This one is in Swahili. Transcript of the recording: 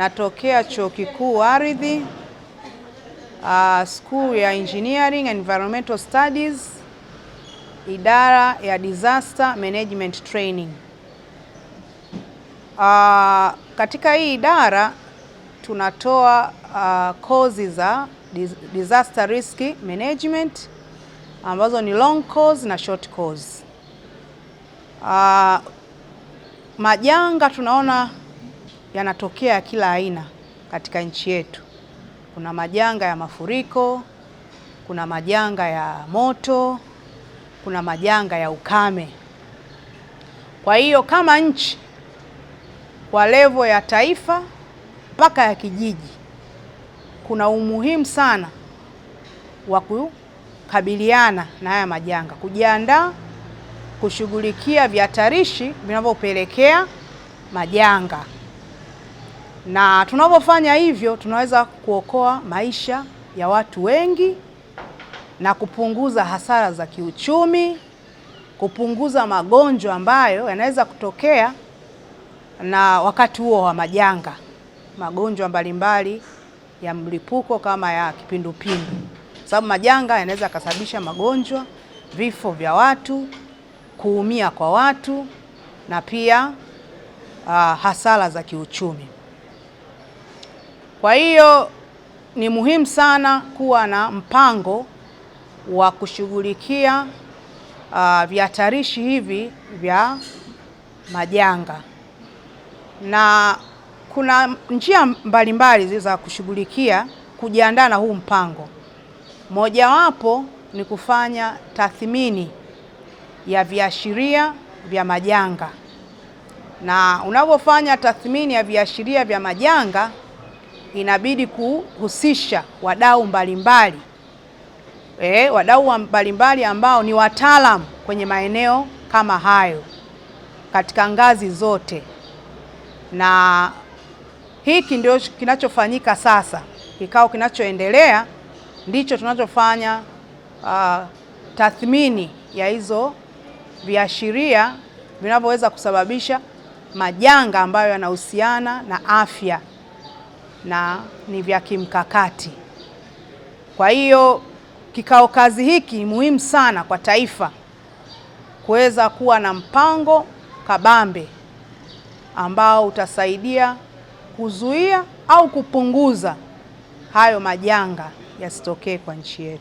natokea Chuo Kikuu Ardhi, uh, School ya Engineering and Environmental Studies, idara ya Disaster Management Training. Uh, katika hii idara tunatoa uh, kozi za disaster risk management ambazo ni long course na short course. Uh, majanga tunaona yanatokea ya kila aina katika nchi yetu. Kuna majanga ya mafuriko, kuna majanga ya moto, kuna majanga ya ukame. Kwa hiyo kama nchi kwa levo ya taifa mpaka ya kijiji, kuna umuhimu sana wa kukabiliana na haya majanga, kujiandaa kushughulikia vihatarishi vinavyopelekea majanga na tunapofanya hivyo tunaweza kuokoa maisha ya watu wengi na kupunguza hasara za kiuchumi, kupunguza magonjwa ambayo yanaweza kutokea na wakati huo wa majanga, magonjwa mbalimbali ya mlipuko kama ya kipindupindu, sababu majanga yanaweza yakasababisha magonjwa, vifo vya watu, kuumia kwa watu na pia uh, hasara za kiuchumi. Kwa hiyo ni muhimu sana kuwa na mpango wa kushughulikia uh, vihatarishi hivi vya majanga na kuna njia mbalimbali za kushughulikia kujiandaa na huu mpango. Mojawapo ni kufanya tathmini ya viashiria vya majanga, na unapofanya tathmini ya viashiria vya majanga inabidi kuhusisha wadau mbalimbali eh, wadau mbalimbali ambao ni wataalamu kwenye maeneo kama hayo katika ngazi zote, na hiki ndio kinachofanyika sasa. Kikao kinachoendelea ndicho tunachofanya uh, tathmini ya hizo viashiria vinavyoweza kusababisha majanga ambayo yanahusiana na afya na ni vya kimkakati. Kwa hiyo kikao kazi hiki muhimu sana kwa taifa kuweza kuwa na mpango kabambe ambao utasaidia kuzuia au kupunguza hayo majanga yasitokee kwa nchi yetu.